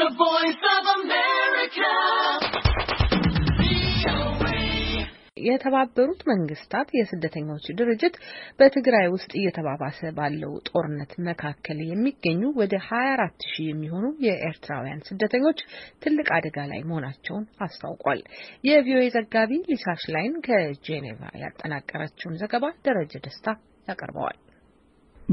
The Voice of America. የተባበሩት መንግስታት የስደተኞች ድርጅት በትግራይ ውስጥ እየተባባሰ ባለው ጦርነት መካከል የሚገኙ ወደ 24 ሺህ የሚሆኑ የኤርትራውያን ስደተኞች ትልቅ አደጋ ላይ መሆናቸውን አስታውቋል። የቪኦኤ ዘጋቢ ሊሳሽ ላይን ከጄኔቫ ያጠናቀረችውን ዘገባ ደረጀ ደስታ ያቀርበዋል።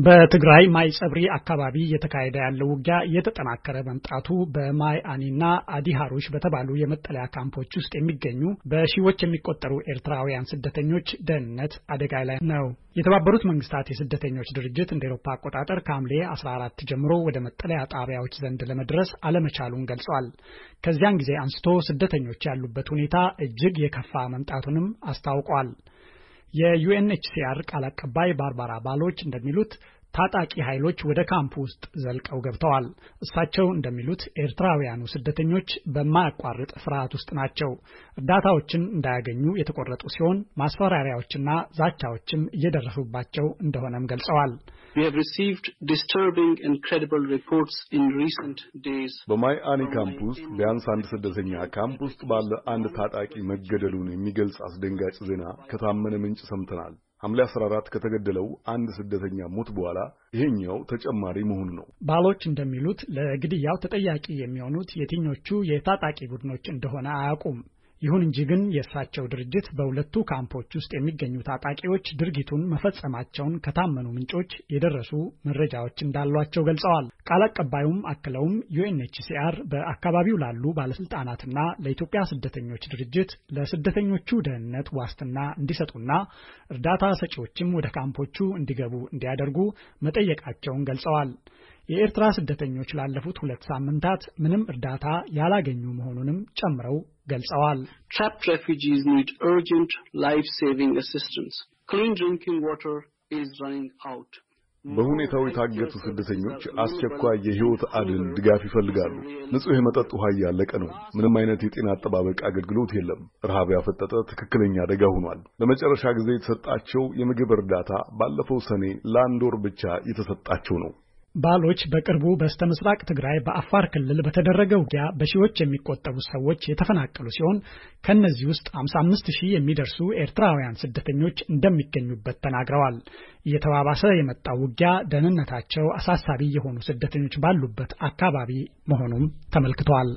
በትግራይ ማይ ጸብሪ አካባቢ እየተካሄደ ያለው ውጊያ እየተጠናከረ መምጣቱ በማይ አኒና አዲ ሀሩሽ በተባሉ የመጠለያ ካምፖች ውስጥ የሚገኙ በሺዎች የሚቆጠሩ ኤርትራውያን ስደተኞች ደህንነት አደጋ ላይ ነው። የተባበሩት መንግስታት የስደተኞች ድርጅት እንደ ኤሮፓ አቆጣጠር ከሐምሌ 14 ጀምሮ ወደ መጠለያ ጣቢያዎች ዘንድ ለመድረስ አለመቻሉን ገልጿል። ከዚያን ጊዜ አንስቶ ስደተኞች ያሉበት ሁኔታ እጅግ የከፋ መምጣቱንም አስታውቋል። የዩኤንኤችሲአር ቃል አቀባይ ባርባራ ባሎች እንደሚሉት ታጣቂ ኃይሎች ወደ ካምፕ ውስጥ ዘልቀው ገብተዋል። እሳቸው እንደሚሉት ኤርትራውያኑ ስደተኞች በማያቋርጥ ፍርሃት ውስጥ ናቸው። እርዳታዎችን እንዳያገኙ የተቆረጡ ሲሆን ማስፈራሪያዎችና ዛቻዎችም እየደረሱባቸው እንደሆነም ገልጸዋል። በማይ አኒ ካምፕ ውስጥ ቢያንስ አንድ ስደተኛ ካምፕ ውስጥ ባለ አንድ ታጣቂ መገደሉን የሚገልጽ አስደንጋጭ ዜና ከታመነ ምንጭ ሰምተናል። ሐምሌ 14 ከተገደለው አንድ ስደተኛ ሞት በኋላ ይሄኛው ተጨማሪ መሆኑ ነው። ባሎች እንደሚሉት ለግድያው ተጠያቂ የሚሆኑት የትኞቹ የታጣቂ ቡድኖች እንደሆነ አያውቁም። ይሁን እንጂ ግን የእሳቸው ድርጅት በሁለቱ ካምፖች ውስጥ የሚገኙ ታጣቂዎች ድርጊቱን መፈጸማቸውን ከታመኑ ምንጮች የደረሱ መረጃዎች እንዳሏቸው ገልጸዋል። ቃል አቀባዩም አክለውም ዩኤንኤችሲአር በአካባቢው ላሉ ባለስልጣናትና ለኢትዮጵያ ስደተኞች ድርጅት ለስደተኞቹ ደህንነት ዋስትና እንዲሰጡና እርዳታ ሰጪዎችም ወደ ካምፖቹ እንዲገቡ እንዲያደርጉ መጠየቃቸውን ገልጸዋል። የኤርትራ ስደተኞች ላለፉት ሁለት ሳምንታት ምንም እርዳታ ያላገኙ መሆኑንም ጨምረው ገልጸዋል። trapped refugees need urgent life-saving assistance. clean drinking water is running በሁኔታው የታገቱ ስደተኞች አስቸኳይ የሕይወት አድን ድጋፍ ይፈልጋሉ። ንጹህ የመጠጥ ውሃ እያለቀ ነው። ምንም አይነት የጤና አጠባበቅ አገልግሎት የለም። ረሃብ ያፈጠጠ ትክክለኛ አደጋ ሆኗል። ለመጨረሻ ጊዜ የተሰጣቸው የምግብ እርዳታ ባለፈው ሰኔ ለአንድ ወር ብቻ የተሰጣቸው ነው። ባሎች በቅርቡ በስተምስራቅ ትግራይ በአፋር ክልል በተደረገ ውጊያ በሺዎች የሚቆጠሩ ሰዎች የተፈናቀሉ ሲሆን ከእነዚህ ውስጥ 55 ሺህ የሚደርሱ ኤርትራውያን ስደተኞች እንደሚገኙበት ተናግረዋል። እየተባባሰ የመጣው ውጊያ ደህንነታቸው አሳሳቢ የሆኑ ስደተኞች ባሉበት አካባቢ መሆኑም ተመልክቷል።